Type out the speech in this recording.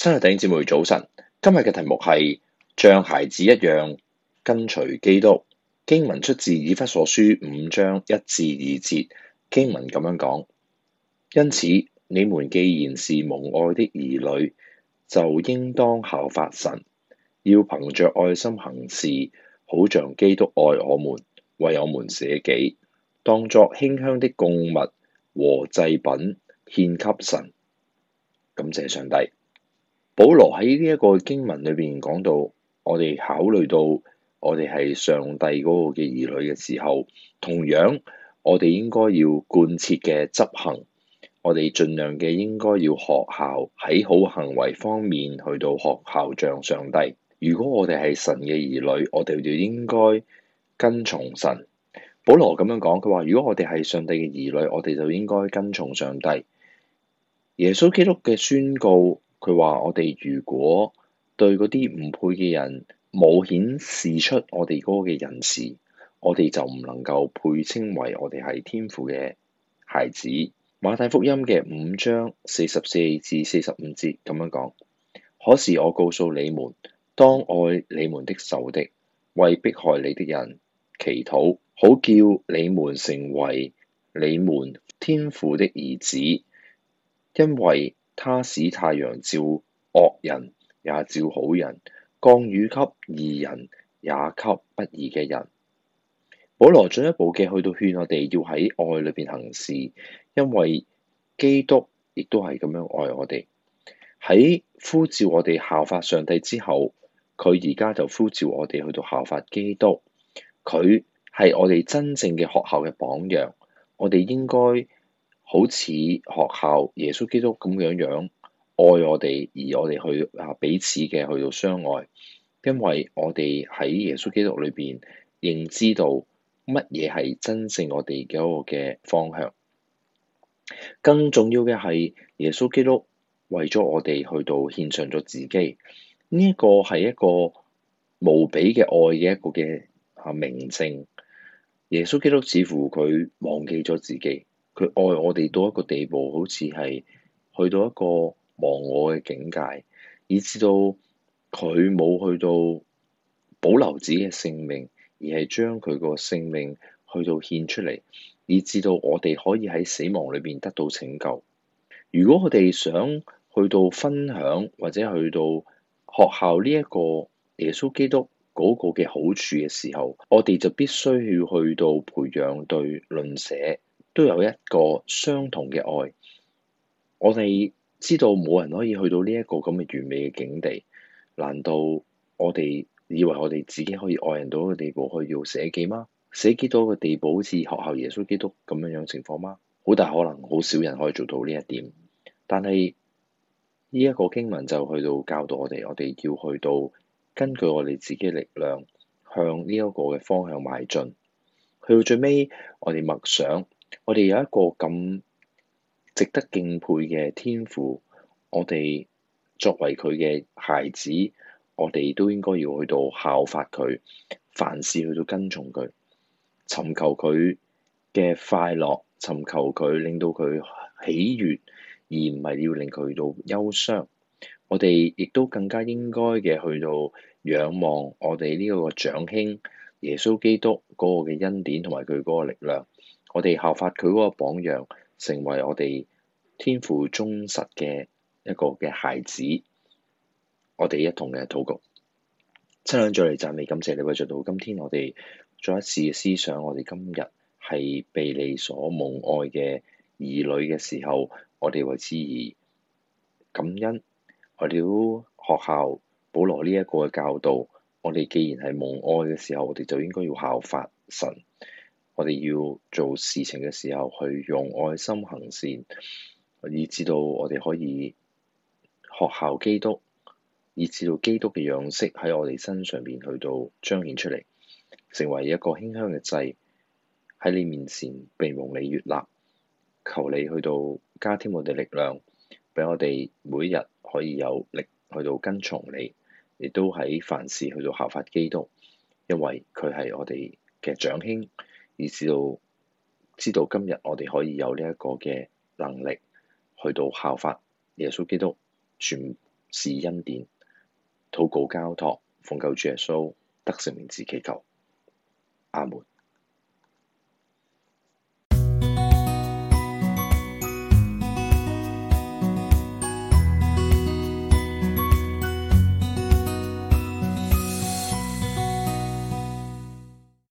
親愛的弟兄姊妹，早晨，今日嘅題目係像孩子一樣跟隨基督。經文出自以弗所書五章一至二節，經文咁樣講：因此你們既然是蒙愛的兒女，就應當效法神，要憑着愛心行事，好像基督愛我們，為我們捨己，當作馨香的供物和祭品獻給神。感謝上帝。保羅喺呢一個經文裏邊講到，我哋考慮到我哋係上帝嗰個嘅兒女嘅時候，同樣我哋應該要貫徹嘅執行，我哋盡量嘅應該要學效喺好行為方面去到學效像上帝。如果我哋係神嘅兒女，我哋就應該跟從神。保羅咁樣講，佢話如果我哋係上帝嘅兒女，我哋就應該跟從上帝。耶穌基督嘅宣告。佢話：我哋如果對嗰啲唔配嘅人冇顯示出我哋嗰個嘅恩慈，我哋就唔能夠配稱為我哋係天父嘅孩子。馬太福音嘅五章四十四至四十五節咁樣講。可是我告訴你們，當愛你們的仇敵，為迫害你的人祈禱，好叫你們成為你們天父的兒子，因為。他使太陽照惡人也照好人，降雨給義人也給不義嘅人。保羅進一步嘅去到勸我哋要喺愛裏面行事，因為基督亦都係咁樣愛我哋。喺呼召我哋效法上帝之後，佢而家就呼召我哋去到效法基督。佢係我哋真正嘅學校嘅榜樣，我哋應該。好似學效耶穌基督咁樣樣愛我哋，而我哋去啊彼此嘅去到相愛，因為我哋喺耶穌基督裏邊認知道乜嘢係真正我哋嘅一個嘅方向。更重要嘅係耶穌基督為咗我哋去到獻上咗自己，呢、這、一個係一個無比嘅愛嘅一個嘅啊名證。耶穌基督似乎佢忘記咗自己。佢愛我哋到一個地步，好似係去到一個忘我嘅境界，以至到佢冇去到保留自己嘅性命，而係將佢個性命去到獻出嚟，以至到我哋可以喺死亡裏邊得到拯救。如果我哋想去到分享或者去到學校呢一個耶穌基督嗰個嘅好處嘅時候，我哋就必須要去到培養對鄰舍都有一個相同嘅愛。我哋知道冇人可以去到呢一個咁嘅完美嘅境地。難道我哋以為我哋自己可以愛人到一個地步，可以要捨己嗎？捨己到一個地步，好似學校耶穌基督咁樣樣情況嗎？好大可能，好少人可以做到呢一點。但係呢一個經文就去到教導我哋，我哋要去到根據我哋自己嘅力量向呢一個嘅方向邁進。去到最尾，我哋默想。我哋有一個咁值得敬佩嘅天父。我哋作為佢嘅孩子，我哋都應該要去到效法佢，凡事去到跟從佢，尋求佢嘅快樂，尋求佢令到佢喜悅，而唔係要令佢到憂傷。我哋亦都更加應該嘅去到仰望我哋呢個長兄耶穌基督嗰個嘅恩典同埋佢嗰個力量。我哋效法佢嗰個榜樣，成為我哋天父忠實嘅一個嘅孩子。我哋一同嘅禱告，親親再嚟讚美感謝你為做到今天我哋再一次嘅思想，我哋今日係被你所蒙愛嘅兒女嘅時候，我哋為之而感恩。我哋學校保羅呢一個嘅教導，我哋既然係蒙愛嘅時候，我哋就應該要效法神。我哋要做事情嘅時候，去用愛心行善，以至到我哋可以學效基督，以至到基督嘅樣式喺我哋身上邊去到彰顯出嚟，成為一個馨香嘅祭喺你面前，被蒙你悅納，求你去到加添我哋力量，俾我哋每日可以有力去到跟從你，亦都喺凡事去到效法基督，因為佢係我哋嘅長兄。以至到知道今日我哋可以有呢一個嘅能力，去到效法耶穌基督，全是恩典，禱告交託，奉救主耶穌得成名字祈求，阿門。